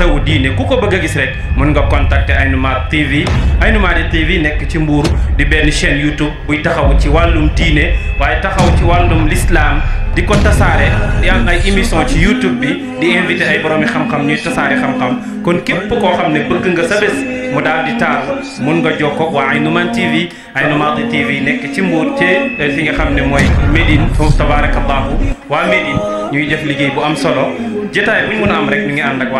跳舞 diine ku ko bëgg a gis rek mën nga contacter Aïnou Mady TV Aïnou Mady TV nekk ci Mbour di benn chaîne YouTube buy taxaw ci wàllum diine waaye taxaw ci wàllum lislaam di ko tasaare di am ay émission ci YouTube bi di invité ay boroomi xam-xam ñuy tasaare xam-xam kon képp koo xam ne bëgg nga sa bés. mu daal di taal mun nga jokkoo waa Aïnou Mady TV Aïnou Mady TV nekk ci Mbour ci eh, fi nga xam ne mooy Médine foofu tabarakallahu waa Médine ñuy def liggéey bu am solo jotaay bu ñu mën rek mi ngi ànd ak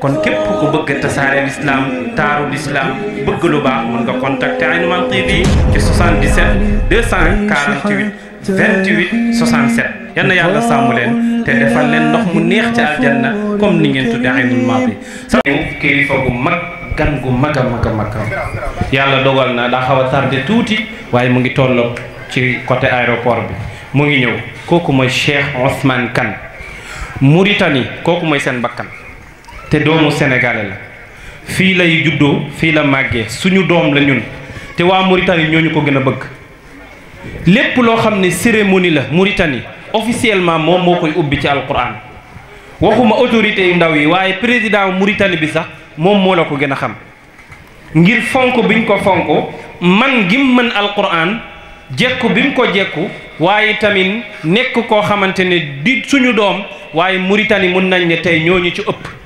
kon kep ku bëgg tasaare l'islam taru l'islam bëgg lu baax mën nga contacter Aïnou Mane TV ci 77 248 28 67 yalla na yàlla sàmm te defal len ndox mu neex ci aljanna comme ni ngeen tudde Aïnou Mane bi. sa kilifa gu mag gan gu mag a mag a mag yàlla dogal na da xawa tardé touti waye mu ngi tolloog ci côté aéroport bi mu ngi ñew koku moy Cheikh Ousmane kan Mauritanie koku moy sen bakkan. te doomu sénégalais la fii lay juddoo fii la màggee suñu doom la ñun te waa Mauritanie ñoo ñu ko gën a bëgg lépp loo xam ne cérémonie la Mauritanie officiellement moom moo koy ubbi ci alquran waxuma autorité yu ndaw yi waaye président Mauritanie bi sax moom moo la ko gën a xam ngir fonk biñ ko fonk man gim mën alquran jekku bi mu ko jekku waaye tamit nekk koo xamante ne di suñu doom waaye Mauritanie mun nañ ne tey ñu ci ëpp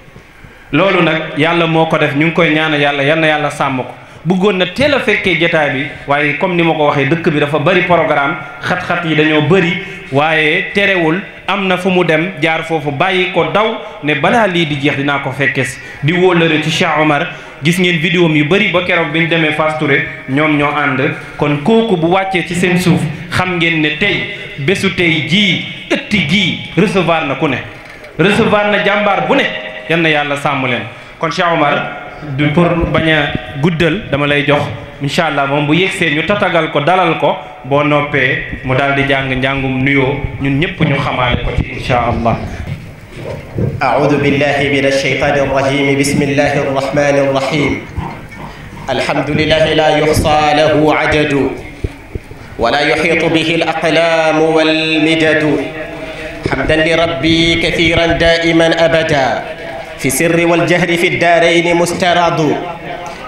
loolu nag yàlla moo ko def ñu ngi koy ñaana yàlla yal na yàlla sàmm ko bëggoon na teel a fekkee jotaay bi waaye comme ni ma ko waxee dëkk bi dafa bari programme xat-xat yi dañoo bëri waaye terewul am na fu mu dem jaar foofu bàyyi ko daw ne balaa lii di jeex dinaa ko fekkee si di wóolare ci Cheikh Omar gis ngeen vidéo yu bëri ba keroog bi ñu demee fasture Touré ñoom ñoo ànd kon kooku bu wàccee ci seen suuf xam ngeen ne tey bésu tey jii ëtti gii recevoir na ku ne jàmbaar bu ne. yal na yàlla sambu len kon Cheikh Omar du pour baña guddal dama lay jox inshallah mom moom bu yegsee ñu tatagal ko dalal ko bo noppé mu daal di jàng jangum nuyo ñun ñëpp ñu xamalé ko ci incha أعوذ بالله من الشيطان الرجيم بسم الله الرحمن الرحيم الحمد لله لا يحصى له عدد ولا يحيط به الأقلام والمدد حمدا لربي كثيرا دائما أبدا في سر والجهر في الدارين مسترد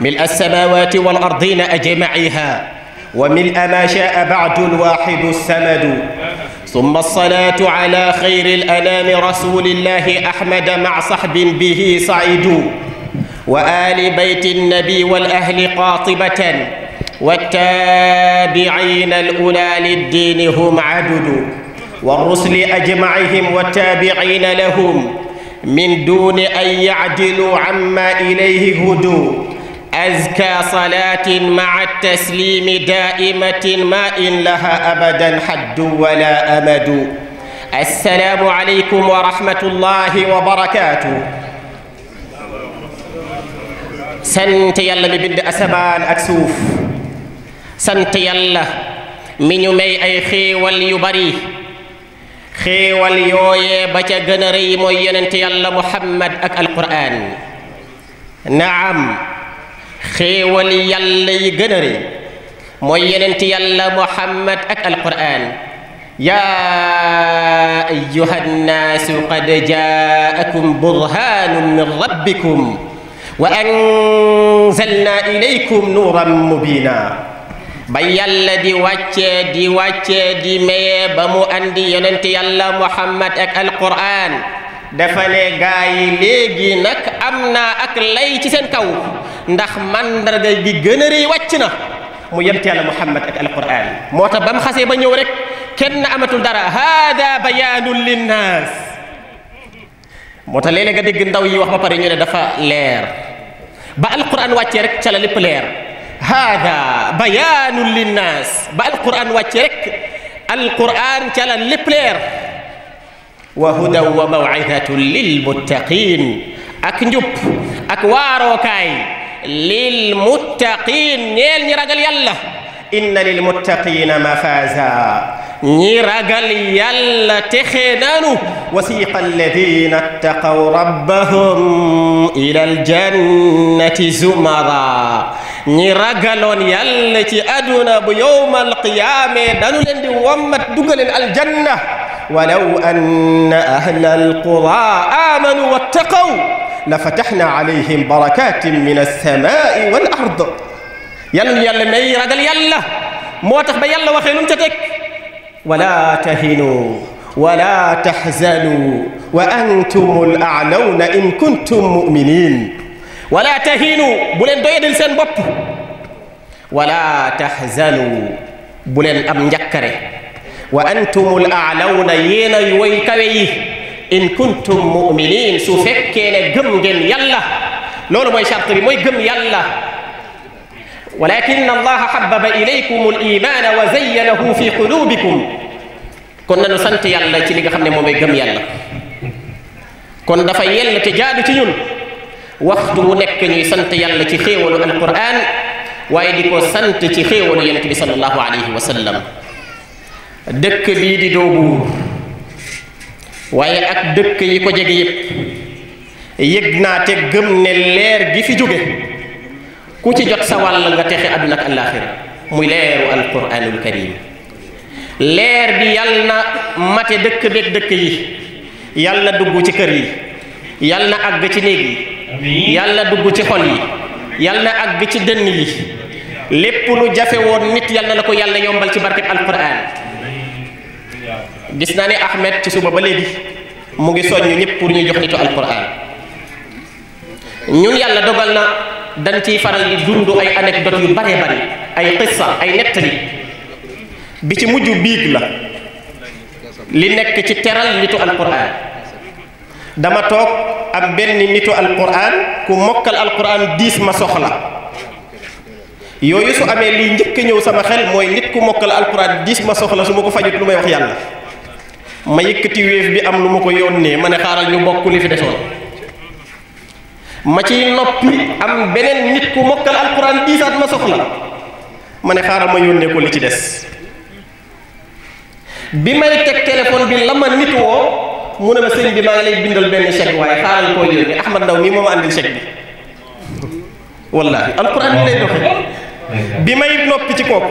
ملء السماوات والأرضين أجمعيها وملء ما شاء بعد الواحد السمد ثم الصلاة على خير الأنام رسول الله أحمد مع صحب به صعد وآل بيت النبي والأهل قاطبة والتابعين الأولى للدين هم عدد والرسل أجمعهم والتابعين لهم من دون أن يعدلوا عما إليه هدوء أزكى صلاة مع التسليم دائمة ما إن لها أبدا حد ولا أمد السلام عليكم ورحمة الله وبركاته سنت يلا mi أسبان أكسوف سنت يلا من يمي أي خي may xéewal yooyee ba ca gën a rëy mooy yonent yàlla muhammad ak alquran naam xéewal yàlla yi gën a rëy mooy yonent yàlla muhammad ak alquran yaa ayuha annaasu qad jaakum burhanun min rabbikum wa anzalna ilaykum nuuran mubina Ya ba yàlla di wacce di wacce di mayee ba mu andi yonenti yalla muhammad ak alquran dafa ne gaa yi léegi nag ak lay ci sen kaw ndax mandarga gi gëna a wacc na mu yonent yalla muhammad ak alquran mota bam xasse ba ñew rek kenn amatul dara hada bayaanun linnas mota tax ga deg ndaw yi wax ba pare ñu ne dafa leer ba alquran wacce rek ci la lepp leer هذا بيان للناس بالقران القران القران تلا لبلير وهدى وموعظه للمتقين اكنجب اكواروكاي للمتقين نيل نيرغل يالله إن للمتقين مفازا نيرغل يلا تخيدانو وسيق الذين اتقوا ربهم إلى الجنة زمرا نيرغل يلا تي أدنا بيوم القيامة دانو لندي ومت دوغل الجنة ولو أن أهل القرى آمنوا واتقوا لفتحنا عليهم بركات من السماء والأرض يل يل مي رجل يل موتخ بيل وخيلون تتك ولا تهنوا ولا تحزنوا وأنتم الأعلون إن كنتم مؤمنين ولا تهنوا بولن دويد لسان بوب ولا تحزنوا بولن أم جكري وأنتم الأعلون يين يويكري إن كنتم مؤمنين سوفك كين جم يلا لولو ما يشرط لي يلا ولكن الله حبب إليكم الإيمان وزينه في قلوبكم كنا نسنت يلا تيليغا خامني مومي گم يلا كون دا فا يلا تي جادو تي نون وقت نيك ني سنت يلا تي خيول القران واي ديكو سنت تي خيول يلا صلى الله عليه وسلم دك بي دي دو بور واي اك دك ييكو جيغي ييب يگنا تي گم ني لير جي في جوغي ku ci jot sa wàll nga texe àdduna ak àllaaxira muy leeru alquraanul karim leer bi yal na mate dëkk beeg dëkk yi yal na dugg ci kër yi yal na àgg ci néeg yi yal na dugg ci xol yi yal na àgg ci dënn yi lépp lu jafe woon nit yal na la ko yàlla yombal ci barkeb alquraan gis naa ne Ahmed ci suba ba léegi mu ngi soññ ñëpp pour ñu jox nitu alquraan ñun yàlla dogal na dañ ciy faral di dund ay anecdote yu bare bari ay xissa ay nettali bi ci mujj biig la li nekk ci teral nitu alquran dama toog am benn nitu alquran ku mokkal alquran diis ma soxla yooyu su amee liy njëkk ñëw sama xel mooy nit ku mokkal alquran diis ma soxla su ma ko fajut lu may wax yàlla ma yëkkati wéef bi am lu ma ko yónnee ma ne xaaral ñu bokk li fi desoon ma ciy noppi am beneen nit ku mokkal alquran diisaat ma soxla ma ne xaaral ma yónnee ko li ci des bi may teg téléphone bi la ma nit woo mu ne ma sëñ bi maa ngi lay bindal benn chèque waaye xaaral koo yónni Ahmad Ndaw mii moo ma àndil chèque bi wallaahi alquran bi lay doxe bi may noppi ci kooku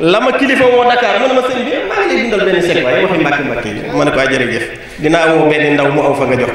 la ma kilifa woo Dakar man ma sëñ bi maa ngi lay bindal benn chèque waaye waxi mbàkki mbàkki ma ne ko jërëjëf dinaa woo benn ndaw mu aw fa nga jox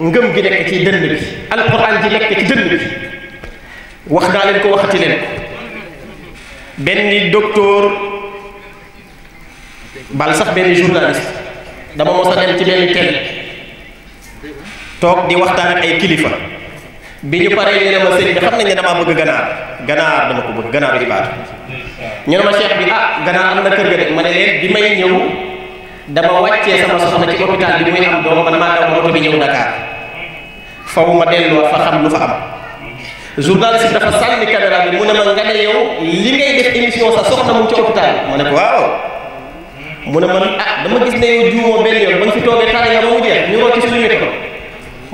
ngëm gi nekk ci dënn bi alquran ji nekk ci dënn bi wax naa leen ko waxati leen ko benn docteur bal sax benn journaliste dama mos a dem ci benn télé toog di waxtaan ak ay kilifa bi ñu paree ñu ne ma sëriñ bi xam ganaar ganaar dama ko bëgg ganaaru ibaad ñu ne ma cheikh bi ah ganaar am na kër ga de ma leen bi may ñëw dama wàccee sama soxna ci hôpital bi muy am doom man maa daw moto bi ñëw Dakar faw ma delluwaat fa xam lu fa am journaliste bi dafa sànni caméra bi mu ne ma nga ne yow li ngay def émission sa soxna mu ci hôpital ma ne ko waaw mu ne man ah dama gis ne yow juumoo benn yoon ba nga fi toogee tànn nga ba mu jeex ñu root ci suñu micro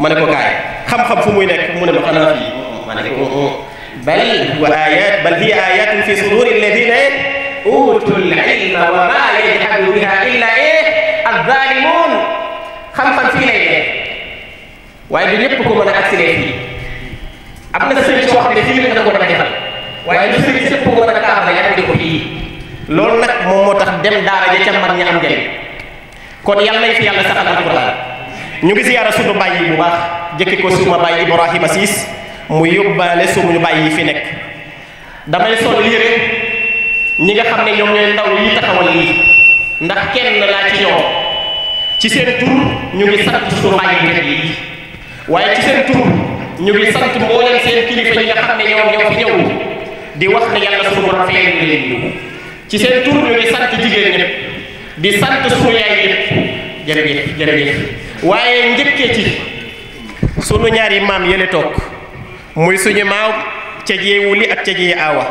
ma ne ko kaay xam-xam fu muy nekk mu ne ma xanaa fii ma ne ko bal wa ayat bal hiya ayatun fi suduri alladina utul ilma wa ma yajhadu biha illa eh al zalimun xam-xam fii lay dee waaye du ñëpp ko mën a accéder fii am na sëriñ soo xam ne fii la nga ko mën a defal waaye du sëriñ sëpp ko mën a kaar la yàgg di ko fii loolu nag moom moo tax dem daara ja ca mag ña am njëriñ kon yàlla nañ fi yàlla saxal alquran ñu ngi ziyaara sunu bàyyi bu baax jëkki ko suma bàyyi Ibrahima Siis mu yóbbaale sumuñu bàyyi fi nekk damay sol lii rek ñi nga xam ne ñoom ñooy ndaw yi taxawal lii ndax kenn laa ci ñoom ci seen tur ñu ngi sant sunu bàyyi bu nekk yi waye ci sen tour ñu ngi sant mbolen sen kilifa yi nga xamne ne ñoom ñoo fi ñew di wax ne yalla suñu borom fay ñu leen ñu ci sen tour ñu ngi sant jigeen ñëpp di sant suñu yaay yëpp jërëjëf jërëjëf waye njëkkee ci sunu ñaari maam yele tok muy suñu maaw ci jeewuli ak ci cejee aawa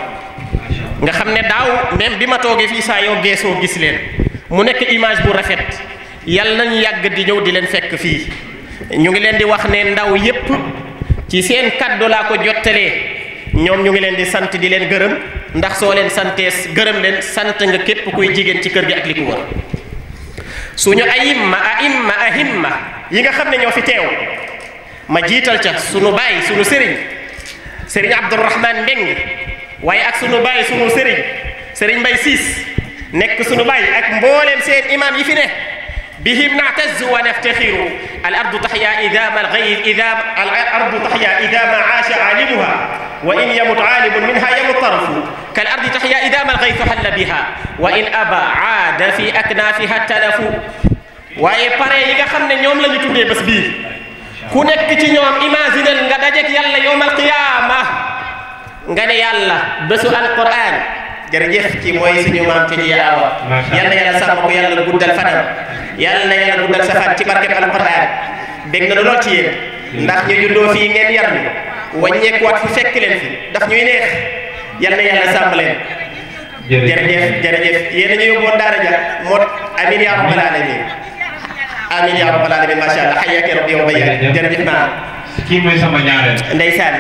nga xamne ne daaw même bima toge fi sa yo geso gis leen mu nek image bu rafet yalla nañu yag di ñew di leen fekk fi ñu ngi leen di wax ne ndaw yépp ci seen kàddu laa ko jottalee ñoom ñu ngi leen di sant di leen gërëm ndax soo leen santee gërëm leen sant nga képp kuy jigéen ci kër gi ak li ko wër suñu ayimma aimma ahimma yi nga xam ne ñoo fi teew ma jiital ca sunu baay sunu sëriñ sëriñ Abdourahman Mbeng waaye ak sunu baay sunu sëriñ sëriñ Mbay Siis nekk sunu baay ak mboolem seen imaam yi fi ne بهم نعتز ونفتخر الأرض تحيا إذا ما الغيث إذا الأرض تحيا إذا ما عاش عالمها وإن يمت عالم منها يمت طرف كالأرض تحيا إذا ما الغيث حل بها وإن أبى عاد في أكنافها التلف waaye pare yi nga xam ne ñoom la ñu tuddee bés bii ku nekk ci ñoom imaginel nga dajeek yàlla yowmal qiyaama nga ne yàlla bésu alquran jërëjëf ci mooy suñu maam ci jiya yal na yàlla sàmm ko yàlla guddal fanam yal na yàlla guddal safan ci barkeb alxuraan bég na lool ci yéen ndax ñu juddoo fii ngeen yar ñu wàññeekuwaat fu fekk leen fi daf ñuy neex yal na yàlla sàmm leen jërëjëf jërëjëf yéen a ñu yóbboon daara ja moo amin yaa rabbal alamin amin yaa rabbal alamin macha allah xayaaka rabbi yow ba jërëjëf naa kii mooy sama ñaareel. ndeysaan.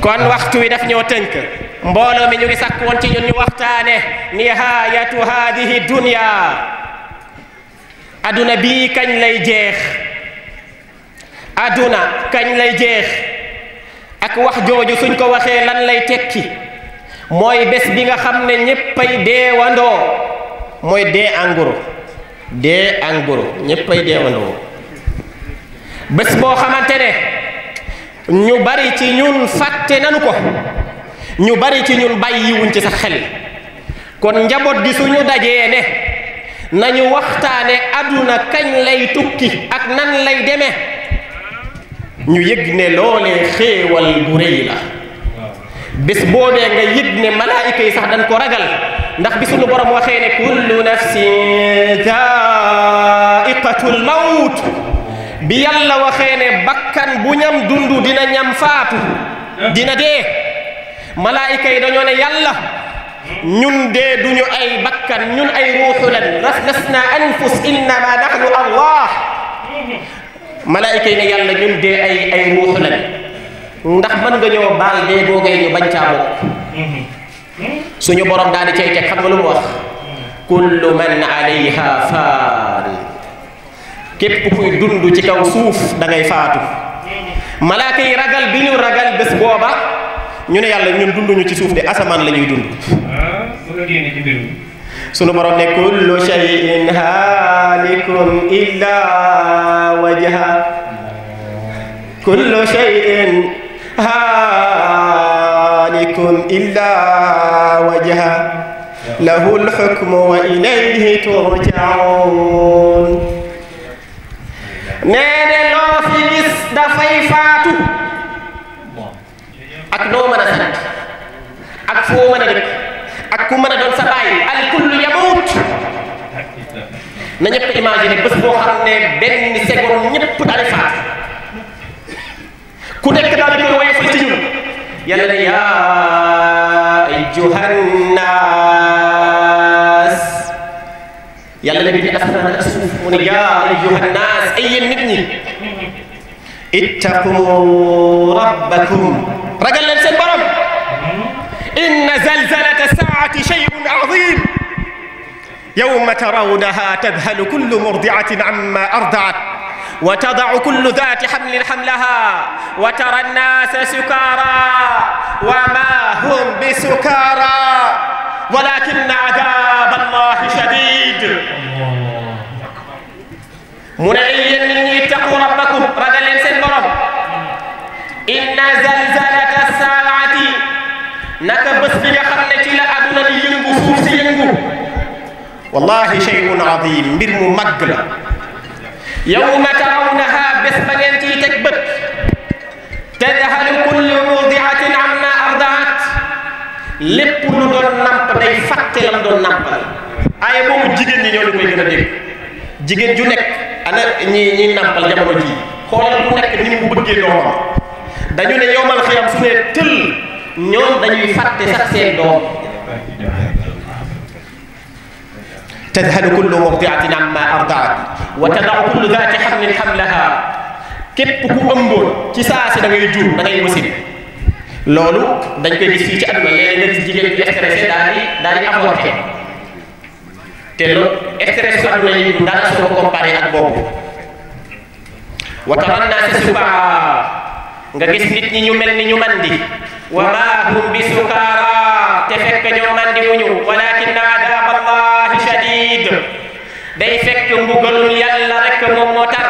kon waxtu wi daf ñoo tënk. mbooloo mi ñu ngi sakk woon ci ñun ñu waxtaane nihaayatu haadihi dunya aduna bii kañ lay jeex aduna kañ lay jeex ak wax jooju suñ ko waxee lan lay tekki mooy bés bi nga xam ne ñéppay deewandoo mooy dee anguro dee anguro ñéppay deewandoo bés boo xamante ne ñu bari ci ñun fàtte nanu ko ñu bari ci ñun bàyyiwuñ ci sax xel kon njaboot gi suñu dajee ne nañu waxtaane àdduna kañ lay tukki ak nan lay demee ñu yëg ne loolee xéewal bu rëy la bés boobee nga yëg ne malaayika yi sax dañ ko ragal ndax bi suñu borom waxee ne kullu nafsin zaiqatul mawt bi yàlla waxee ne bakkan bu ñam dund dina ñam faatu dina dee malaayika yi dañoo ne ñun dee duñu ay bakkan ñun ay ruuxu lasna anfus innama nahnu allah malaayika yi ne ñun dee ay ay ndax mën nga ñoo baal dee googee ñu bañ caa bokk suñu borom daal di cay nga lu mu wax man alayha faan képp kuy dund ci kaw suuf da ngay faatu malaaka ragal bi ñu ragal bés booba ñu ne yàlla ñun dunduñu ci suuf de asamaan la ñuy dund sunu borom ne kullu shay'in halikun illa wajha kullu shay'in halikun illa wajha lahu al wa ilayhi turja'un nee ne loo fi gis dafay faatu ak noo mën a ak foo mën a dëkk ak ku mën a doon sa bàyyi al kullu yamut na ñëpp imaginer bés boo xam ne benn seconde ñëpp daal di ku nekk daal di koy woyofal ci ñun yàlla ne yaa ayyuhan naas يلا نبي بأسفل الأسف ونجاء أيها الناس أي النبني اتقوا ربكم رجل لمس البرم إن زلزلة الساعة شيء عظيم يوم ترونها تذهل كل مرضعة عما أرضعت وتضع كل ذات حمل حملها وترى الناس سكارى وما هم بسكارى ولكن عذاب الله شديد منعي من يتقوا ربكم رجل ينسي البرم إن زلزلة الساعة نكبس في خلق لأدنى ينبو سوس ينبو والله شيء عظيم بالممقلة يوم ترونها بس من تكبت تذهل كل مرة lépp lu doon nàmp day fàtte lam doon nàmpal aaya boobu jigéen ñi ñoo la koy gën a dégg jigéen ju nekk ana ñi ñi nàmpal jamono ji xoolal ku nekk ni mu bëggee doomam dañu ne yowmal xiyam su ne tël ñoom dañuy fàtte sax seen doom tadhanu kullu murdiatin amma ardaat wa tadau kullu xam xamlin xamlaha képp ku ëmboon ci saa si da ngay juum da lolu dañ koy gis ci aduna yeen nga ci jigeen ci stressé daal di daal di avorté te loolu stress su yi du dara so comparé ak boobu wa taran naa suba nga gis nit ñi ñu melni ñu mandi wa maa hum bi sukaara fekk ñu mandi wuñu walakin adaballahi shadid day fekk mbugalul yalla rek moom mo tar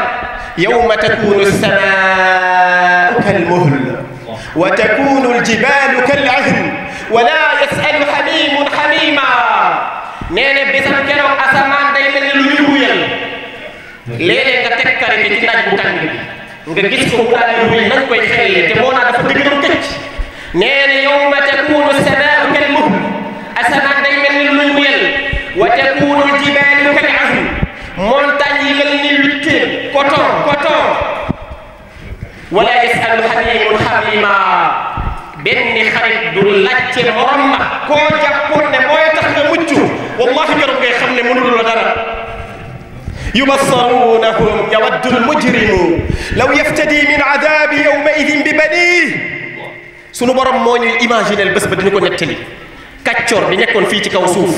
yawma takunu samaa kal muhl وتكون الجبال كالعهن ولا يسأل حميم حميما نين بسم كنو أسمان دايما الليويل لين نتكر بتناج بطنج نجس كوكان الليويل نكو يخلي تبونا دفتك نمكت نين يوم تكون السماء كالمهن أسمان دايما الليويل وتكون الجبال كالعهن مونتاني ملني لتين كوتون كوتون ولا يسأل حبيب حليما بني خريج دولاتي مرمى كوجا كون موية تخدم مجو والله كرم كي خمن منو الغرب يبصرونهم يود المجرم لو يفتدي من عذاب يومئذ ببنيه سنو برم موني الإيماجين البس بدنا نكون نتلي كاتشور بدنا نكون في تيكا وسوف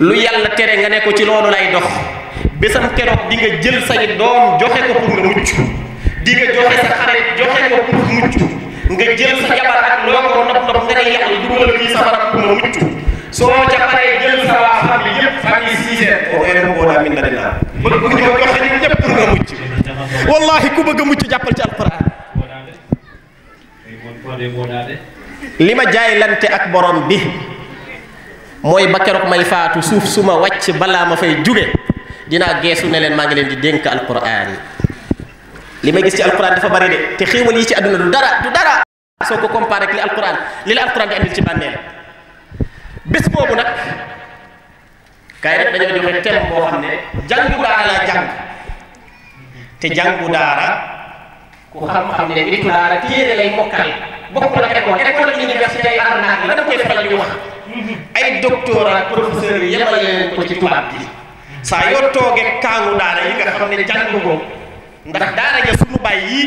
لو يالا تيري غاني كوتشي لاي دوخ بسم كيروك ديغا جيل سا دوم جوخي كو بور مجو di nga joxe sa xarit joxe nga pour mucc nga jël sa jabar ak loo ko nopp nopp nga ne yàqu dugal ci safara pour ma mucc soo ca paree jël sa waa famille yëpp li ma jaaylante ak borom bi mooy ba keroog may faatu suuf su ma wàcc balaa ma fay jóge dinaa geesu ne leen maa ngi leen di dénk yi li may gis ci alquran dafa bari de te xéewal yi ci àdduna du dara du dara soo ko comparé ak li alquran li la alquran di andil ci bànneel bés boobu nag kaay rek dañoo joxe thème xam ne jàngu daara laa te jàngu daara ku xam-xam ne nit daara téere lay mokkal bokkul ak école école université koy defal ñu wax ay docteur ak yi yebal leen ko ci tubaab bi saa yoo toogee kaagu daara yi nga xam ne jàng boobu ndax daara ja suñu bàyyi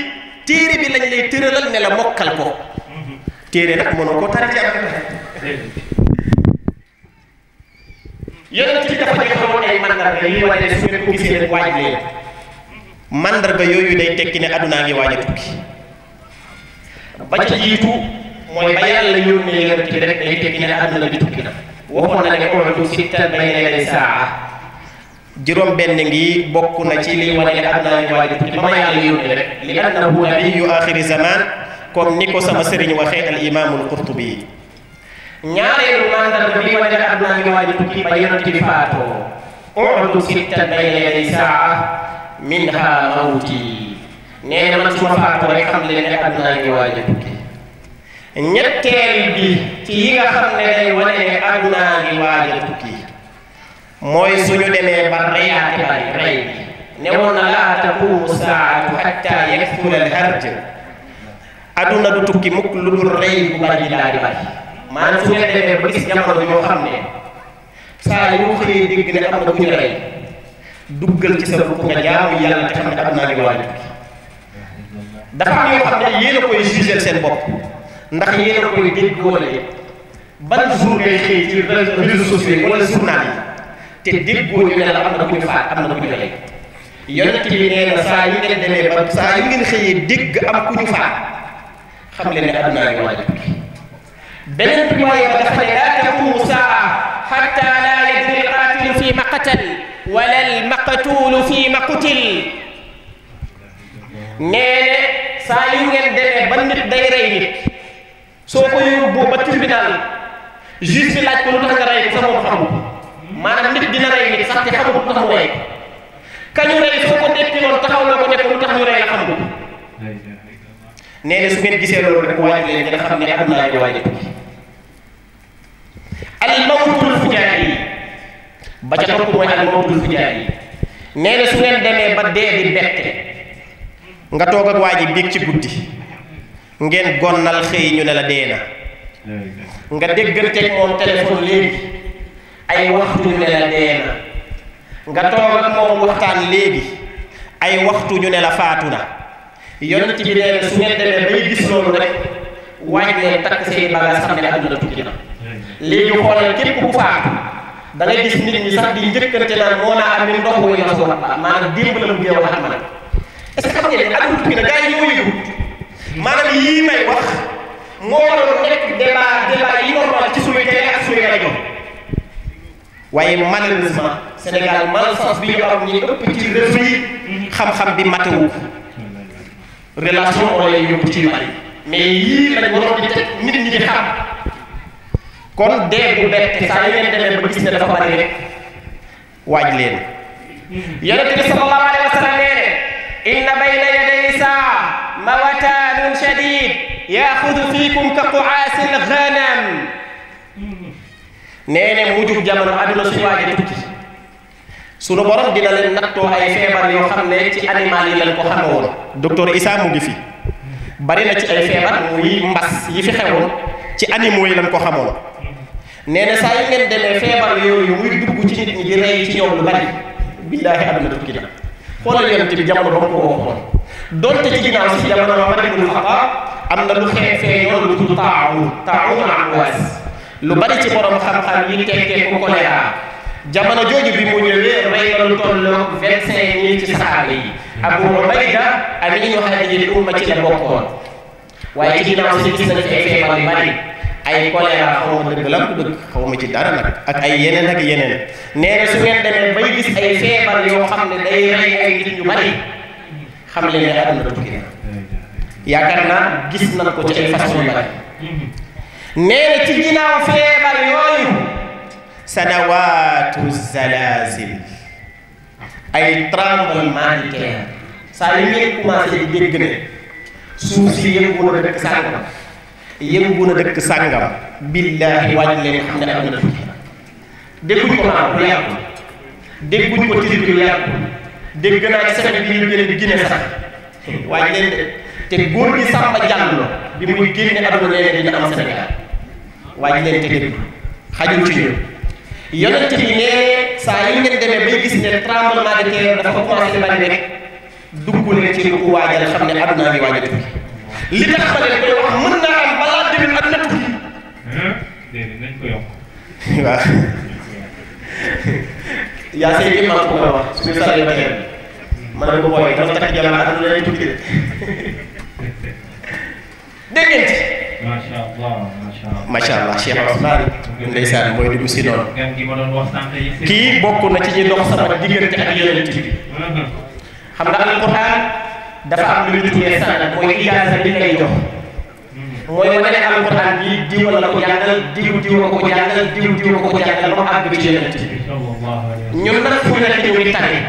téere bi lañ lay tëralal mokkal ko téere nag mënoo ko tari ci am yi waaye su ngeen ko gisee waaj leen mandarga yooyu day tekki ne adunaa ngi waaj a tukki ba ci jiitu mooy ba yàlla yónnee yonent bi rek day tekki ne aduna bi tukki na waxoon na ne oolu sittan bayna yaday saa juróom benn ngi bokk na ci liy wane ne ngi waaj tukki ba ma yàlla yónni rek li annahu nabiyyu zaman comme ni ko sama sëriñ waxee al imaamul qurtubi ñaareelu mandarga bi wane ne àdduna ngi waaj tukki ba yonent bi faatoo udu sittan bayna yaday saa minha mawti nee na suma faatoo rek xam leen ne àdduna ngi waaj tukki ñetteel bi ci yi nga xam ne day wane ne àdduna ngi waaj tukki mooy suñu demee ba reyaate bay rey bi newoon na laa taqumu saatu xatta yakfula al harj aduna du tukki mukk lu dul rey bu bari daal di bari maanaam su ngeen demee xam ne saa yoo xëyee dégg ne am na sa bopp nga jaamu yàlla te xam ne aduna li waa tukki dafa am yoo xam ne yéen a koy jugé seen bopp ndax yéen a koy dégg wala ban jour ngay xëy ci réseaux sociaux wala journal yi te déggoo ñu ne la am na ku ñu faat am na ku ñu rey yonent bi nee na saa yu ngeen demee ba saa yu ngeen xëyee dégg am ku ñu faat xam leen ne àdduna ngi waaj a tukki beneen riwaaya ba dafa ne laa taqumu saa xatta laa yadri alqaatilu fi ma qatal wala almaqtuulu fi ma qutil nee ne saa yu ngeen demee ba nit day rey nit soo ko yóbbu ba tribunal juge bi laaj ko lu tax nga rey ko sa moom xamul maanaam nit dina rey nit sax te xamul tax mu rey ko rey soo ko déppiloon taxaw na ko nekk lu tax ñu rey la xam ko nee na su ngeen gisee loolu rek waaj leen nga ne am naa ñu waaj al mawtul fujaar yi ba ca topp mooy al mawtul fujaar yi nee na su ngeen demee ba dee di bette nga toog ak waa biig ci guddi ngeen gonnal xëy ñu ne la dee na nga dégganteeg moom téléphone léegi ay waxtu ñu ne la dee na nga toog ak moom waxtaan léegi ay waxtu ñu ne la faatu na yonent bi nee na su ngeen demee bay gis loolu rek waaj leen takk seen bagage xam ne àdduna tukki na léegi xoolal képp ku faatu da ngay gis nit ñi sax di njëkkante naan moo naa am ni ndox woy na so maanaam démb la mu géew xam na a ce que xam ngeen ne àdduna tukki na gars yi ñoo yëgut maanaam yii may wax moo waroon nekk débat débat yi normal ci suñuy télé ak suñuy rajo waaye malheureusement Sénégal malchance bi ñu am ñi ëpp ci réseau yi xam-xam bi matewu relation moo lay yóbbu ci yu bari mais yii lañ waroon di teg nit ñi di xam kon dee bu bett saa yu ngeen demee ba gis ne dafa bari rek waaj leen yonent bi sallallahu alayhi wa sallam nee ne inna bayna yaday saa mawataanun shadid yaaxudu fiikum ka quaasil ghanam neene mu mujjug jamono aduna su waji a tukki suñu borom dina leen natto ay febar yo xamne ci animal yi lañ ko xame won docteur isa mu ngi fi bari na ci ay feebar yi mbass yi fi xewul ci animal yi lañ ko xamoon nee na saa yi ngeen demé febar feebar yu muy dugg ci nit ñi di rey ci ñoom lu bari billahi aduna tukki la xolal yeen ci jamono ba mu ko waxoon donte ci ginaaw ci jamono ba ma demul xataa xata amna lu xefe yoon lu tudd taawun taawun amwaas lu bari ci borom xam-xam yi tekkee ku choléra jamono jooju bi mu ñëwee rey na lu tolloog vingt cinq mille ci saxaaba yi Abu Ubayda amiinu la si gis ci ay feebar yu bari ay ma dëgg lam dëgg xaw ma ci dara nag ak ay yeneen ak yeneen nee su ngeen demee bay gis ay feebar yoo xam ne day rey ay nit bari xam leen ne àdduna tukki na yaakaar naa gis nañ ko ci ay façon bari nee na ci ginnaaw feebar yooyu sanawaatu zalazil ay tremblement de terre saa yu ngeen commencé di dégg ne suuf yëngu na dëkk sàngam yëngu na dëkk sàngam billaahi waaj leen xam ne na tukki dégguñ ko maam lu yàgg dégguñ ko tiit lu yàgg dégg naa ci semaine bi ñu génne Guinée sax waaj leen de te góor gi wàññi leen te déglu xajul ci ñun yonent bi nee saa yi ngeen demee bay gis ne tremblement de terre dafa commencé bari rek dugg leen ci lu ko waajal xam ne adduna ngi waaj a tukki li tax ma leen koy wax naa am balaa demee adduna tukki. Hmm? déedéet ne ko booyee de dégg ma allah macha allah Cheikh Ousmane ndeysaan mooy dugg si noonu kii bokk na ci ñi dox sama diggante ak yeneen bi xam nga alquran dafa am lu ñu tuddee sanad mooy ijaaza bi ngay jox mooy wane ne alquran bii diw la ko jàngal diw diw ko jàngal diw diw ko jàngal ba mu àgg ci yeneen bi ñun nag fu nekk ñu ngi tane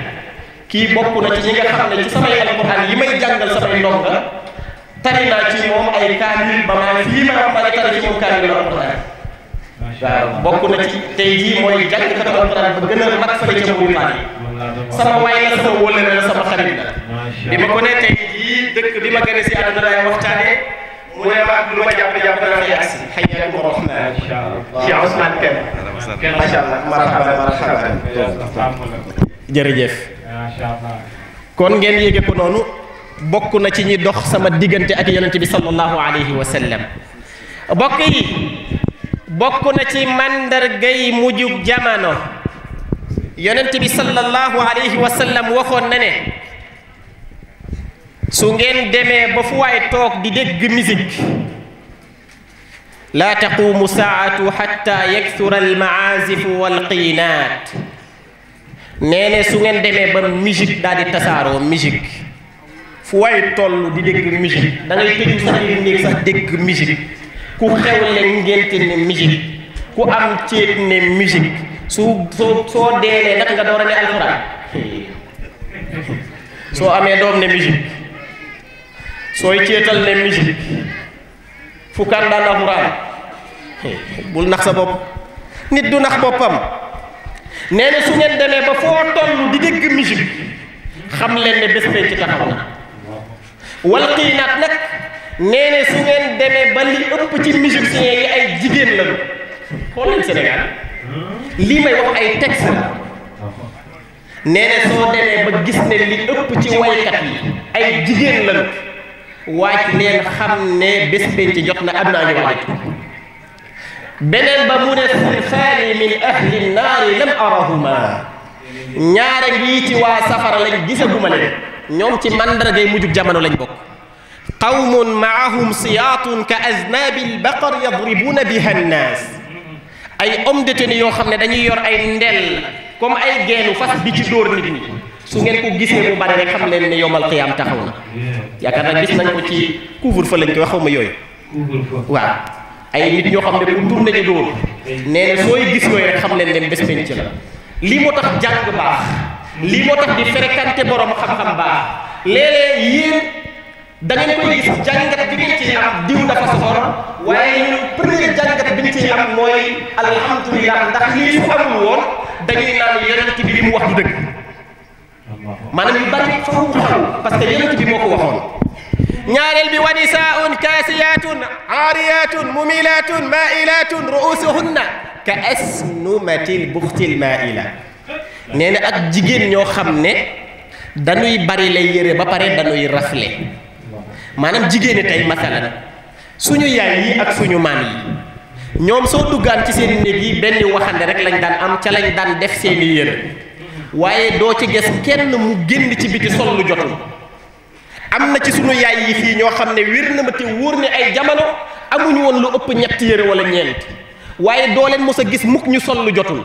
kii bokk na ci ñi nga xam ne ci samay alquran yi may jàngal samay ndonga tari naa ci moom ay kaamil ba maa ngi fii ma am tari ci moom kaamil alquran waaw bokk na ci tey jii mooy jàngkatu alquran ba gën a mat fële ca Mauritanie sama waay la sama wóllare la sama xarit la bi ma ko ne tey jii dëkk bi ma gën a si àdduna laay waxtaanee mu ne ma lu ma jàpp jàpp naa fi agsi xëy na mu wax naa ci Ousmane Kane macha allah marhaban marhaban kon ngeen yéege ko noonu bokk na ci ñi dox sama diggante ak yonente bi sallallahu alayhi wa sallam bokk yi bokk na ci màndargay mujjug jamono yonente bi sallallahu alayhi wa sallam waxoon na ne su ngeen demee ba fu waay toog di dégg musique laa taquumu saatu xatta yaktura almaazifu walqiinaat nee ne su ngeen demee ba musique daal di tasaaroo musique fu waay toll di dégg musique da ngay tëju sa biir néeg sax dégg musique ku xewle ngénte ne musique ku am céet ne musique su soo soo deelee naka nga door a ne alxuraan soo amee doom ne musique sooy céetal ne musique fu kàndaan alxuraan bul nax sa bopp nit du nax boppam nee na su ngeen demee ba foo toll di dégg musique xam leen ne bés penc ci taxaw na wal xiinaat nag nee na su ngeen demee ba li ëpp ci musiciens yi ay jigéen lañu xool nañ Sénégal lii may wax ay texte la nee soo demee ba gis ne li ëpp ci waykat yi ay jigéen lañu waaj leen xam ne bés penc ci jot na am naa ñu waaj beneen ba mu ne sulfaani min ahli naari lam arahuma ñaare ngi ci waa safara lañ gisaguma leen ñom ci mandargay mujjug jamono lañ bok qawmun maahum siyatun ka aznabil baqar yadribuna biha an-nas ay om de tene yo xamne dañuy yor ay ndel comme ay geenu fas bi ci dóor nit ñi su ngeen ko gisse mu bari rek xam leen ne yowmal qiyam taxaw na yaakaar naa gis nañ ko ci couvre fa lañ ko koy yoy couvre fa wa ay nit ñoo xamne bu tourné ci dóor neena soy gis yooyu rek xam leen ne bés penc la li motax jàng baax li motax di fréquenté borom xam-xam ba lélé yéen da ngeen koy gis jàngat bi ngeen ci am diw dafa soxor waye ñun premier jàngat bi ñu ci am moy alhamdullilah ndax li su am woon dañuy naan yonent bi mu wax du deug manam yu bari fa foofu xaw parce que yonent bi moko waxoon ñaarel bi wa nisaa'un kaasiyaatun aariyaatun mumilaatun maa'ilaatun ru'usuhunna ka asnumatil buxtil maa'ila nee ak jigéen ñoo xam ne dañuy bari lay yére ba pare dañuy rafle maanaam jigéeni tey masalan suñu yaay yi ak suñu maam yi ñoom soo duggaan ci seen néeg yi benn waxande rek lañ daan am ca lañ daan def seeni yére waaye doo ci gis kenn mu génn ci biti sol lu jotul am na ci suñu yaay yi fii ñoo xam ne wér na ma te wóor ne ay jamono amuñu woon lu ëpp ñetti yére wala ñeent waaye doo leen mos a gis mukk ñu sol lu jotul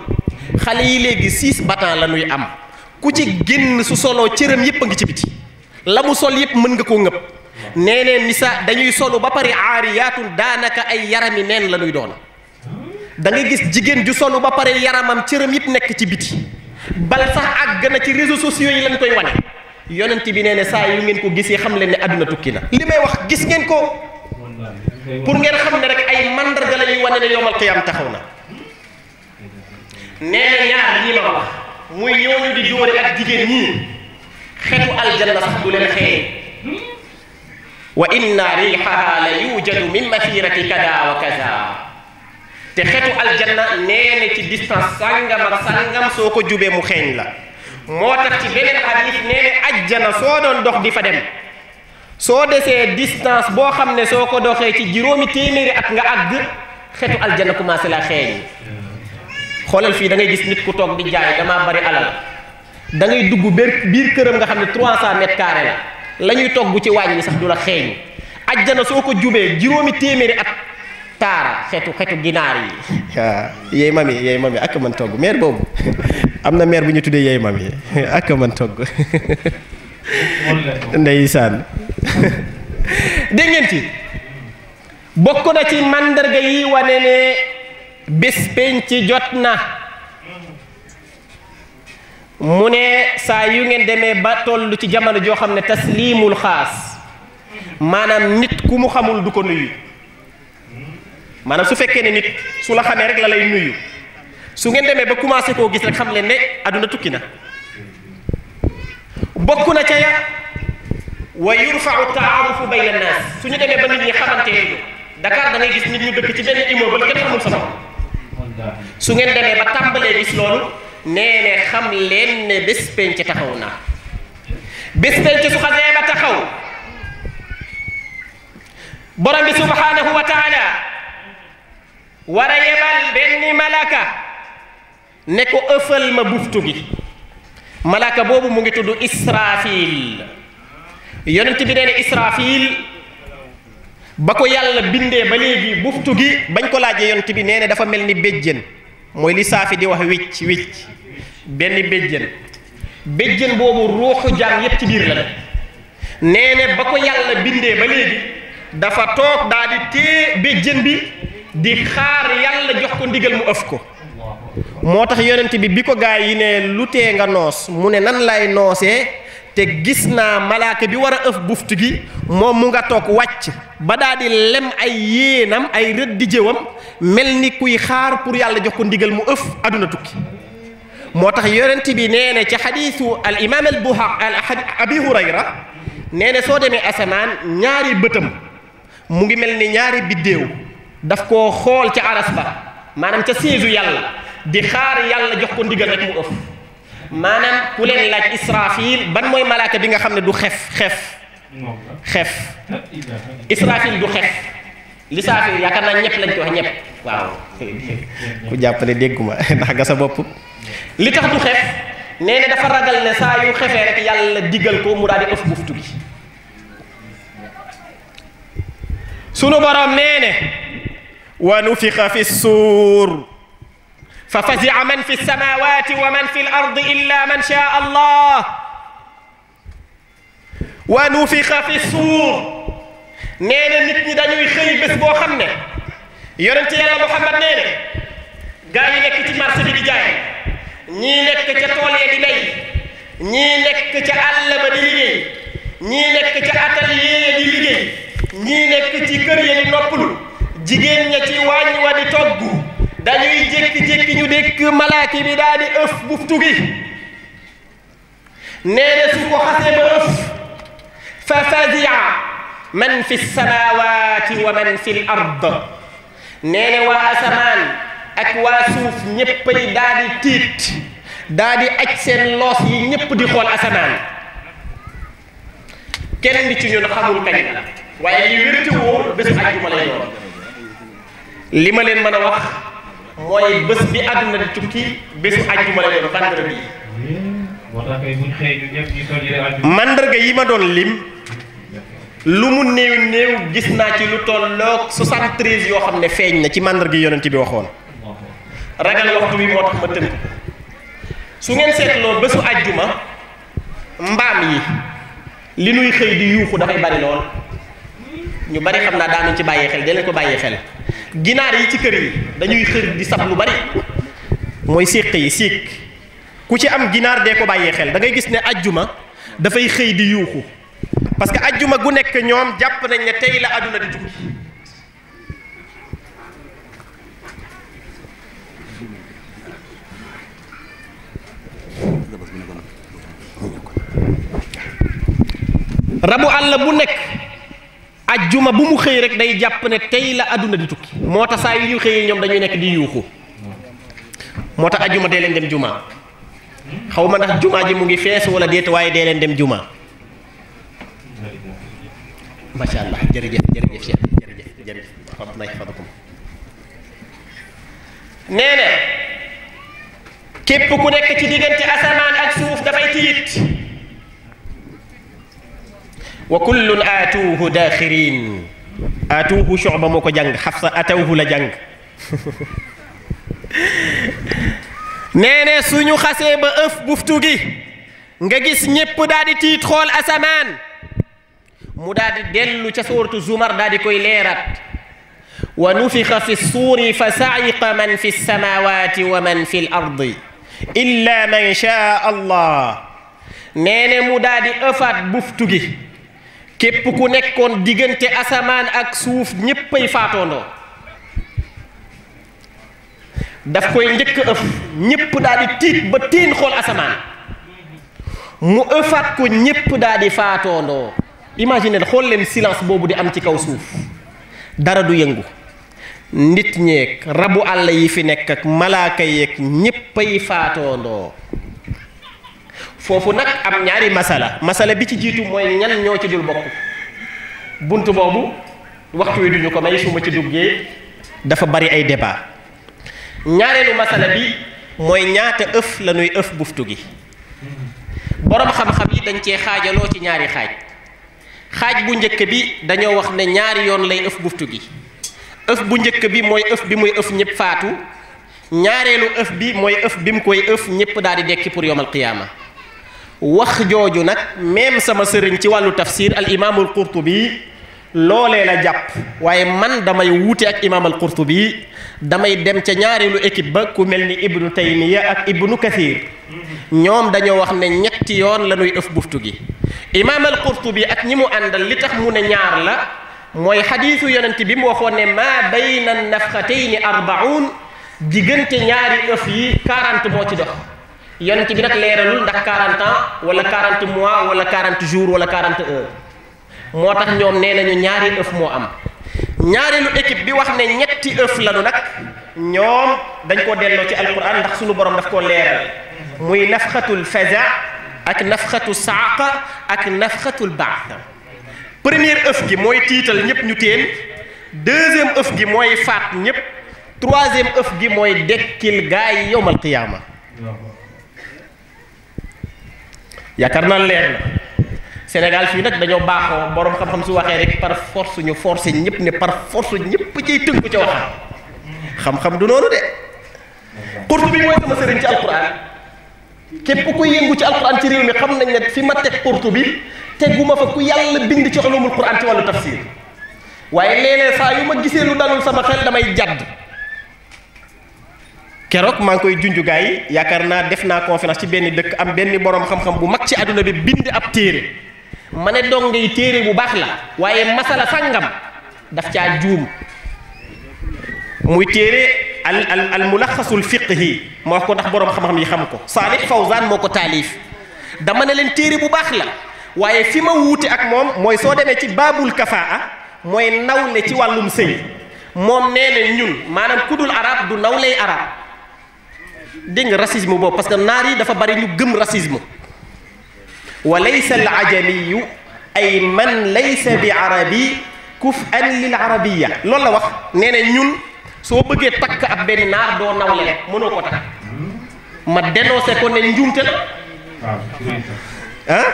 xale yi léegi six battant la ñuy am ku ci génn su soloo cëram yépp a ngi ci biti la mu sol yépp mën nga koo ngëpp nee neen ni sa dañuy solu ba pare aariyaatun daanaka ay yarami neen la ñuy doon da nga gis jigéen ju solu ba pare yaramam cëram yépp nekk ci biti bal sax àgg na ci réseaux sociaux yi lañ koy wane yonent bi nee ne saa yu ngeen ko gisee xam leen ne àdduna tukki na li may wax gis ngeen ko pour ngeen xam ne rek ay mandarga la ñuy wane ne yowmal qiyaam na nee na ñaar ñii ma muy ñooñu di jóore ak jigéen ñii xetu aljanna sax du leen xëye wa inna riixaha la yujadu min masirati kada wa kada te xetu aljanna nee ci distance sàngam ak sàngam soo ko jubee mu xeeñ la moo tax ci beneen hadis nee na ajjana soo doon dox di fa dem soo desee distance boo xam ne soo ko doxee ci juróomi téeméeri at nga àgg xetu aljanna commencé la xeeñ xolal fi da ngay gis nit ku tok di jaay dama bari alal da ngay dugg biir kërëm nga xamni 300 mètres carrés la lañuy tok bu ci wàññi sax dula xéñ aljana soko jubé juroomi téméré at tar xétu xétu ginar yi yey mami yey mami ak man togg meer bobu amna na bu ñu tuddé yey mami ak man togg ndeysan dégg ngeen ci bokk na ci mandarga yi bis penc jot na mu ne saa yu ngeen demee ba toll ci jamono joo xam ne taslimul xaas maanaam nit ku mu xamul du ko nuyu maanaam su fekkee ne nit su la xamee rek la lay nuyu su ngeen demee ba commencé koo gis rek xam leen ne àdduna tukki na bokk na ca ya wa yurfau taarufu bayna naas su ñu demee ba nit ñi xamante ne Dakar da ngay gis nit ñu dëkk ci benn immeuble kenn xamul sa su ngeen demee ba tàmbalee gis loolu nee xam leen ne bés penc taxaw na bés penc su xasee ba taxaw borom bi subhanahu wa taala war a yebal benn malaka ne ko ëffal ma buftu gi malaka boobu mu ngi tudd israfil yonent bi nee ne ba ko yàlla bindee ba léegi buftu gi bañ ko laajee yont bi nee ne dafa mel ni béjjén mooy li saafi di wax wicc wicc benn béjjén béjjén boobu ruuxu jaam yépp ci biir la nee ne ba ko yàlla bindee ba léegi dafa toog daa di téye bi di xaar yàlla jox ko ndigal mu ëf ko moo tax yonent bi bi ko gaay yi ne lu tee nga noos mu ne nan lay noosee te gis naa malaaka bi war a ëf buftu gi moom mu nga toog wàcc ba daa di lem ay yéenam ay rëddi jëwam mel ni kuy xaar pour yàlla jox ko ndigal mu ëf aduna tukki moo tax yonent bi nee na ci xadiisu al imaam al buxaari abi hurayra nee na soo demee asamaan ñaari bëtam mu ngi mel ni ñaari biddéew daf ko xool ca aras ba maanaam ca séesu yàlla di xaar yàlla jox ko ndigal rek mu ëf maanaam ku leen laaj israfil ban mooy malaaka bi nga xam ne du xef xef xef israfil du xef lisaafil yaakaar naa ñëpp lañ ko wax waaw ku jàppale dégguma ndax ga sa bopp li tax du xef nee na dafa ragal ne saa yu xefee rek yàlla diggal ko mu daal di ëf buftu gi sunu borom nee ne wa nufixa fi suur ففزع من في السماوات ومن في الارض الا من شاء الله ونفخ في الصور نين نيت دانيو خيي بس بو خامني يونت يا محمد نين غاني نيك تي مارشي دي جاي نينك نيك تي تولي دي ناي ني نيك دي لي نينك نيك تي اتال يي دي ليغي ني تي كير يي نوبلو جيجين ني تي واني وادي توغو dañuy jékki-jékki ñu dékk malaaki bi daal di ëf buftu gi nee na su ko xasee ba ëf fa fazia man fi samawati wa man fi l ard nee na waa asamaan ak waa suuf ñépp ay daal di tiit daal di aj seen loos yi ñépp di xool asamaan kenn ci ñun xamul kañ la waaye li wérte wóor bésu àjjuma lay doon li ma leen mën a wax mooy bés bi àdduna di tukki bésu àjjuma la doon vendredi yi mandarga yi ma doon lim lu mu néew néew gis naa ci lu tolloog 73 yoo xam ne feeñ na ci mandarga yi yonent bi waxoon ragal waxtu bi moo tax ma tënk su ngeen seetloo bésu àjjuma mbaam yi li nuy xëy di yuuxu dafay bari lool ñu bari xam naa daanu ci bàyyi xel daleen ko bàyyi xel ginaar yi ci kër yi dañuy xër di sab lu bari mooy siq yi siik ku ci am ginaar dee ko bàyyee xel da ngay gis ne ajjuma dafay xëy di yuuxu parce que ajjuma gu nekk ñoom jàpp nañ ne tey la àdduna di tukki rabu àll bu nekk ajjuma bu mu xëy rek day jàpp ne tey la àdduna di tukki moo tax saa yu ñu xëyee ñoom dañuy nekk di yuuxu moo tax ajjuma dee leen dem juma xaw ma ndax juma ji mu ngi fees wala déet waaye dee dem juma macha allah jërëjëf jërëjëf Cheikh jërëjëf jërëjëf képp ku nekk ci diggante asamaan ak suuf dafay tiit وكل آتوه داخرين آتوه شعبة Shuba moo ko آتوه Xafsa atawhu la jàng nee ne suñu xasee nga gis ñépp daal di tiit xol asaman mu daal di dellu ca suuratu Zumar daal di koy leerat wa nufikha fi s-suri fa sa'iqa man fi s-samawati wa man fi l-ardi illa man shaa Allah neene mu daal di ëfaat buftu gi képp ku nekkoon diggante asamaan ak suuf ñéppay faatoondoo daf koy njëkk ëf ñépp daal di tiit ba teen xool asamaan mu ëfaat ko ñépp daal di faatoondoo imaginez xool leen silence boobu di am ci kaw suuf dara du yëngu nit ñeeg rabu àll yi fi nekk ak malaaka yeeg ñéppay faatoondoo foofu nag am ñaari masala masala bi ci jiitu mooy ñan ñoo ci dul bokk bunt boobu waxtu wi duñu ko may su ci duggee dafa bari ay débat ñaareelu masala bi mooy ñaata ëf lañuy ñuy ëf buftu gi boroom xam-xam yi dañ cee xaajaloo ci ñaari xaaj xaaj bu njëkk bi dañoo wax ne ñaari yoon lay ëf buftu gi ëf bu njëkk bi mooy ëf bi muy ëf ñëpp faatu ñaareelu ëf bi mooy ëf bi mu koy ëf ñëpp daal di dekki pour yomal qiyaama wax joju nak même sama serigne ci walu tafsir al imam al qurtubi lolé la jàpp waye man damay wuute ak imam al qurtubi damay dem ci ñaari lu équipe ba ku melni ni ibnu taymiya ak ibnu kathir ñom dañu wax ne ñetti yoon la ñuy euf buftu gi imam al qurtubi ak ñimu àndal li tax mu ne ñaar la moy hadithu yonenti bim waxone ma bayna an nafkhatayn nafxatayni arbaun diggante ñaari euf yi 40 mo ci dox yonent bi nag leeralul ndax quarante ans wala 40 mois wala 40 jours wala 40 heures moo tax ñoom nee nañu ñaari ëf moo am ñaareelu équipe bi wax ne ñetti ëf lañu nag ñoom dañ ko delloo ci alquran ndax suñu borom daf ko leeral muy nafxatul faza ak nafxatu saaqa ak nafxatul baax première ëf gi mooy tiital ñëpp ñu téen deuxième ëf gi mooy faat ñëpp troisième ëf gi mooy dekkil gaay yowmal qiyaama yaakaar naa leer na Sénégal fii nag dañoo baaxoo boroom xam-xam su waxee rek par suñu ñu forcé ñëpp ne par force ñëpp ciy tënku ca waxam xam-xam du noonu de Qurtubi mooy sama sëriñ ci alquran képp ku yëngu ci alquran ci réew mi xam nañ ne fi ma teg bi teguma fa ku yàlla bind ci xolumul quran ci wàllu tafsir waaye léeg-léeg saa yu ma gisee lu dalul sama xel damay jadd keroog maa ngi koy junj yi yaakaar naa def naa conférence ci benn dëkk am benn borom xam-xam bu mag ci àdduna bi bind ab téere ma ne dong ngay téere bu baax la waaye masala sàngam daf caa juum muy téere al al al mulaxasul ma wax ko ndax boroom xam-xam yi xam ko Saalih Fawzaan moo ko taalif dama ne leen téere bu baax la waaye fi ma wuuti ak moom mooy soo demee ci baabul kafaa mooy nawle ci wàllum sëy moom nee na ñun maanaam ku dul arab du nawley arab dégg nga racisme boobu parce que naar yi dafa bari ñu gëm racisme wa laysa al ajamiyu ay man laysa bi arabi kuf an lil arabiya loolu la wax nee na ñun soo bëggee takk ab benn naar doo nawle mënoo ko takk ma dénoncé ko ne njuumte la ah,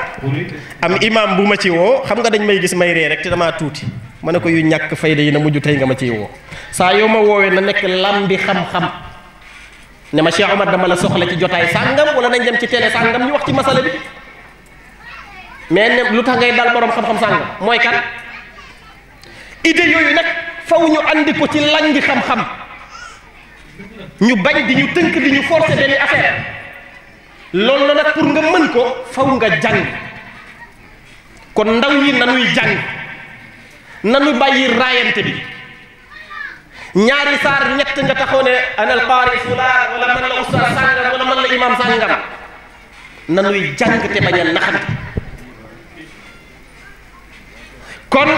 am imam bu ma ci woo xam nga dañ may gis may ree rek te damaa tuuti ma ne ko yu ñàkk fayda yi na mujj tey nga ma ciy woo saa yoo ma woowee na nekk lam xam-xam ne ma Cheikh Omar dama la soxla ci jotaay sàngam wala nañ dem ci télé sàngam ñu wax ci masala bi mais ne lu tax ngay dal borom xam-xam sàngam mooy kan idée yooyu nag faw ñu andi ko ci langi xam-xam ñu bañ di ñu tënk di ñu forcer benn affaire loolu la nag pour nga mën ko faw nga jàng kon ndaw yi nanuy jàng nanu bàyyi raayante bi ñaari saar ñett nga taxaw ne anal qaari fulaan man la ustaas sàngam wala man la imaam sàngam nanuy jàng te bañ a naxante kon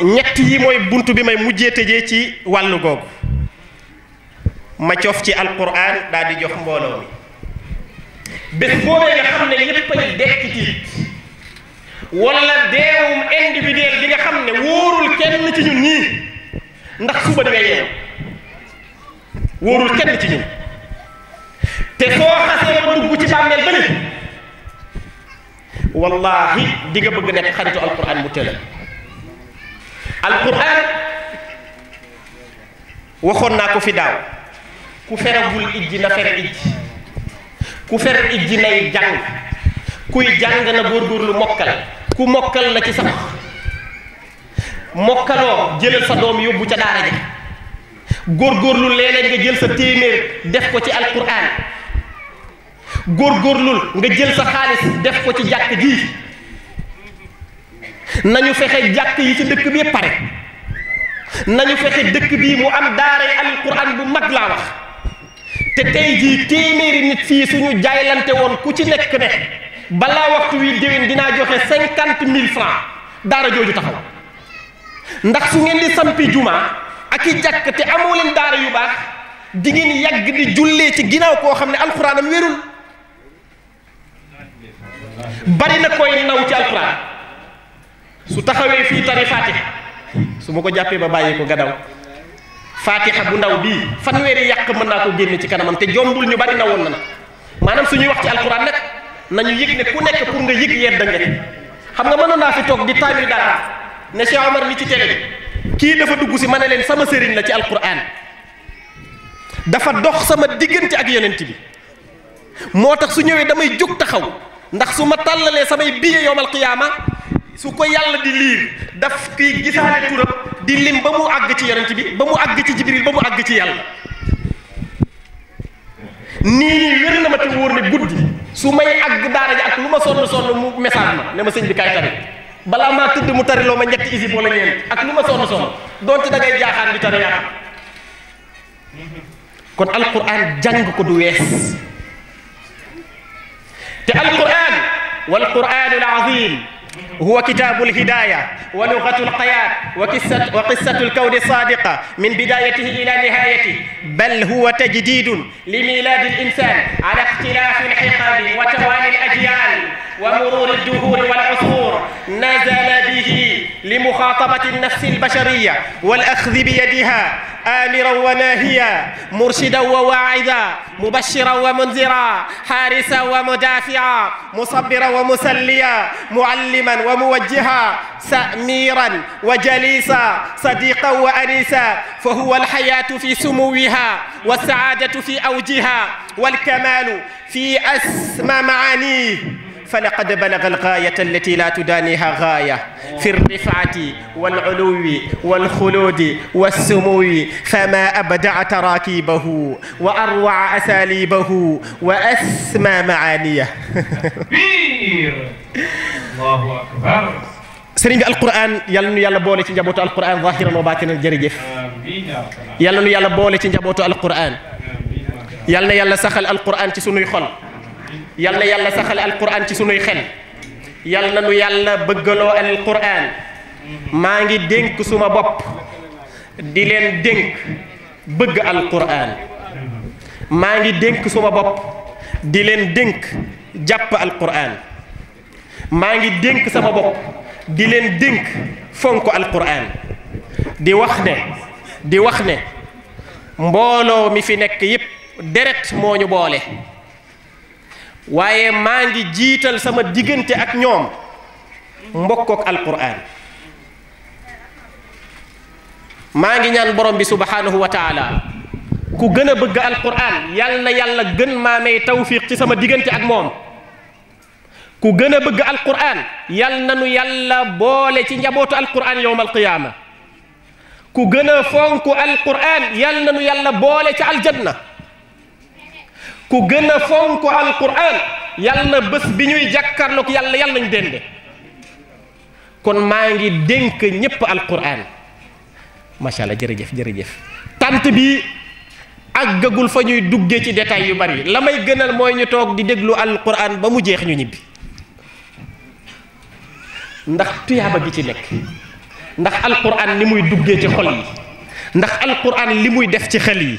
ñett yi mooy bunt bi may mujjee tëjee ci wàll googu ma cof ci alquran daal di jox mbooloo mi bés boobee nga xam ne yépp ay dekk tiit wala deewum individuel bi nga xam ne wóorul kenn ci ñun ñii ndax suba di nga yeew wóorul kenn ci ñun te soo xasee ba dugg ci bàmmeel ba ni wallahi di bëgg nekk xaritu alquran mu tëla alquran waxoon naa ko fi daaw ku feragul ijji na fere ijji ku fere ijji nay jàng kuy jàng na lu mokkal ku mokkal la ci sax mokkaloo jëlal sa doom yóbbu ca daara ja góor léeg-léeg nga jël sa téeméer def ko ci góor góorgóorlul nga jël sa xaalis def ko ci jàkk ji nañu fexe jàkk yi ci dëkk bi pare nañu fexe dëkk bii mu am daaray alquran bu mag laa wax te tey jii téeméeri nit fii suñu jaaylante woon ku ci nekk ne balaa waxtu wi déwén dinaa joxe cinquante mille francs daara jooju taxaw ndax su ngeen di sampi jumaa ak i jàkk te amoo leen daara yu baax di ngeen yàgg di jullee ci ginnaaw koo xam ne alxuraanam wérul bari na koy naw ci alxuraan su taxawee fii tari faatiha su ma ko jàppee ba bàyyi ko gadaw faatiha bu ndaw bii fanweeri yàq mën naa ko génne ci kanamam te jombul ñu bari na woon na na maanaam suñuy wax ci alxuraan nag nañu yëg ne ku nekk pour nga yëg yedd nga xam nga mënoon naa fi toog di taamil daara ne Cheikh Omar mi ci télé bi kii dafa dugg si ma ne leen sama sëriñ la ci alquran dafa dox sama diggante ak yonent bi moo tax su ñëwee damay jóg taxaw ndax su ma tàllalee samay biye yowmal qiyaama su ko yàlla di liir daf kiy gisaale turam di lim ba mu àgg ci yonent bi ba mu àgg ci jibril ba mu àgg ci yàlla nii nii wér na ma te wóor ne guddi su may àgg daara ji ak lu ma sonn sonn mu message ma ne ma sëñ bi kaay tamit balaa maa tëdd mu tariloo ma ñetti isib wala ñeent ak lu ma sonn sonn donte da ngay jaaxaan di tari yàq kon alquran jàng ko du wees te alquran wal quranul azim هو كتاب الهداية ولغة القياد وقصة, وقصة الكون الصادقة من بدايته إلى نهايته بل هو تجديد لميلاد الإنسان على اختلاف الحقب وتوالي الأجيال ومرور الدهور والعصور نزل به لمخاطبة النفس البشرية والأخذ بيدها آمرا وناهيا مرشدا وواعدا مبشرا ومنذرا حارسا ومدافعا مصبرا ومسليا معلما وموجها سأميرا وجليسا صديقا وأنيسا فهو الحياة في سموها والسعادة في أوجها والكمال في أسمى معانيه فلقد بلغ الغاية التي لا تدانيها غاية في الرفعة والعلو والخلود والسمو فما أبدع تراكيبه وأروع أساليبه وأسمى معانيه كبير الله أكبر سرين القرآن يلن يلا بولي تنجبوت القرآن ظاهرا وباطنا الجريجف يلن يلا بولي تنجبوت القرآن يلا يلا سخل القرآن تسوني يخل yal na yàlla saxal alquran ci sunuy xel yal na nu yàlla bëggaloo alquran maa ngi dénk suma bopp di leen dénk bëgg alquran maa ngi dénk suma bopp di leen dénk jàpp alquran maa ngi dénk sama bopp di leen dénk fonk alquran di wax ne di wax ne mbooloo mi fi nekk yépp deret moo ñu boole waaye maa ngi jiital sama diggante ak ñoom mbokkook alquran maa ngi ñaan borom bi subhanahu wa taala ku gën a bëgg alquran yal na yàlla gën maa may tawfiq ci sama diggante ak moom ku gën a bëgg alquran yal na nu yàlla boole ci njabootu alquran yowm alqiyaama ku gën a fonk alquran yal na nu yàlla boole ci aljanna ku gën a fonk alquran yàlla na bés bi ñuy jàkkaarloog yàlla yàlla nañ dende kon maa ngi dénk ñépp alquran macha allah jërëjëf jërëjëf tànt bi àggagul fa ñuy duggee ci détail yu bari la may gënal mooy ñu toog di déglu alquran ba mu jeex ñu ñibbi ndax tuyaaba gi ci nekk ndax alquran li muy duggee ci xol yi ndax alquran li muy def ci xel yi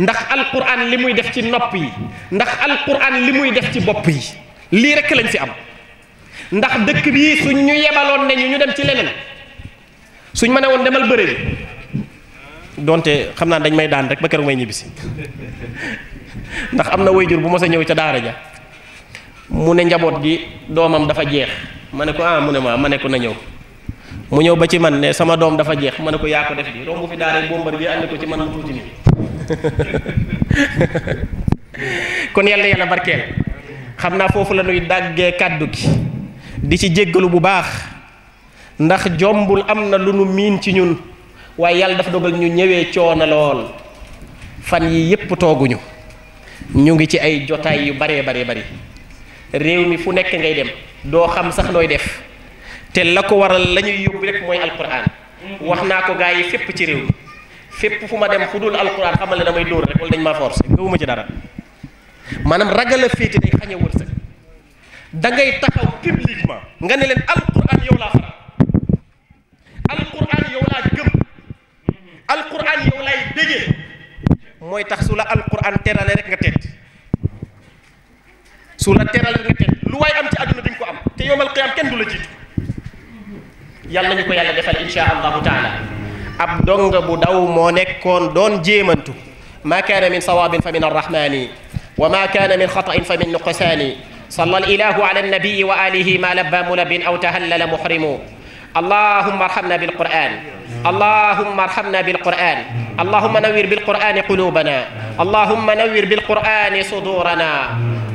ndax alquran li muy def ci nopp yi ndax alquran li muy def ci bopp yi lii rekk lañu fi am ndax dëkk bii suñ ñu yebaloon nañu ñu dem ci leneen suñ ma ne woon demal bëre bi donte xam naa dañ may daan ba keroog may ñibbisi ndax am na wayjur bu mos a ca daara ja mu ne njaboot gi doomam dafa jeex ma ne ko ah mu ne ma ma ne ko na ñëw mu ñëw ba ci man ne sama doom dafa jeex ma ne ko yaa ko def bi romb fi daara bombar bi ànd ko ci man mu tuuti nii kon yalla yalla barkel xamna fofu la nuy dagge kaddu gi di ci jéggalu bu baax ndax jombul am na lu nu miin ci ñun way yalla dafa dogal ñu ñëwé coono lool fan yi yépp tooguñu ñu ngi ci ay jotaay yu bare bare bare réew mi fu nekk ngay dem do xam sax nooy def té lako waral lañuy yobbu rek moy alquran waxna ko gaay yi ci fépp fu ma dem fu dul alquran xamal ne damay dóor rek wala dañ maa forcé gëwuma ci dara maanaam ragal a féete day xañe wërsëg da ngay taxaw publiquement nga ne leen alquran yow laa faral alquran yow laa gëm alquran yow laay déggee mooy tax su la alquran terale rek nga tedd su la terale rek nga tedd lu waay am ci àdduna dañ ko am te yowmal qiyaam kenn du la jiitu yàlla nañu ko yàlla defal insha allahu taala ab donga bu daw mo nekkon don jemantu ma kana min sawabin famin arrahmani wa ma kana min khata'in famin nuqsani صلى الاله على النبي واله ما لبى ملب او تهلل محرم اللهم ارحمنا بالقران arhamna اللهم ارحمنا بالقرآن اللهم نوّر بالقرآن قلوبنا اللهم نوّر بالقرآن صدورنا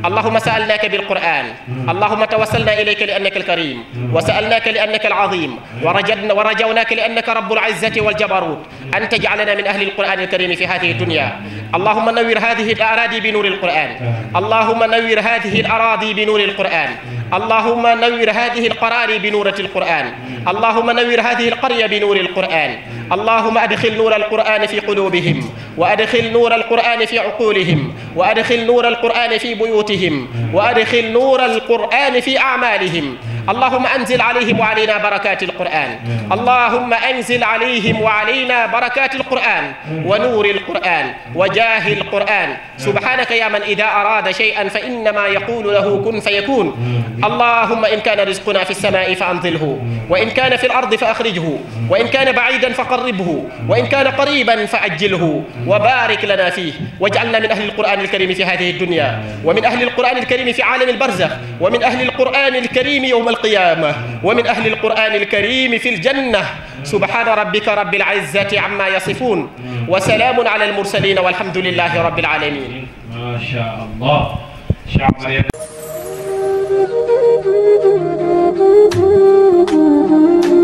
اللهم سألناك بالقرآن اللهم توسلنا إليك لأنك الكريم وسألناك لأنك العظيم ورجدنا ورجوناك لأنك رب العزة والجبروت أن تجعلنا من أهل القرآن الكريم في هذه الدنيا اللهم نوّر هذه الأراضي بنور القرآن اللهم نوّر هذه الأراضي بنور القرآن اللهم نور هذه القراري بنورة القرآن اللهم نور هذه القرية بنور القرآن اللهم أدخل نور القرآن في قلوبهم وأدخل نور القرآن في عقولهم وأدخل نور القرآن في بيوتهم وأدخل نور القرآن في أعمالهم اللهم أنزل عليهم وعلينا بركات القرآن اللهم أنزل عليهم وعلينا بركات القرآن ونور القرآن وجاه القرآن سبحانك يا من إذا أراد شيئا فإنما يقول له كن فيكون اللهم إن كان رزقنا في السماء فأنزله وإن كان في الأرض فأخرجه وإن كان بعيدا فقربه وإن كان قريبا فأجله وبارك لنا فيه واجعلنا من أهل القرآن الكريم في هذه الدنيا ومن أهل القرآن الكريم في عالم البرزخ ومن أهل القرآن الكريم يوم القيامة ومن أهل القرآن الكريم في الجنة سبحان ربك رب العزة عما يصفون وسلام على المرسلين والحمد لله رب العالمين ما شاء الله شعر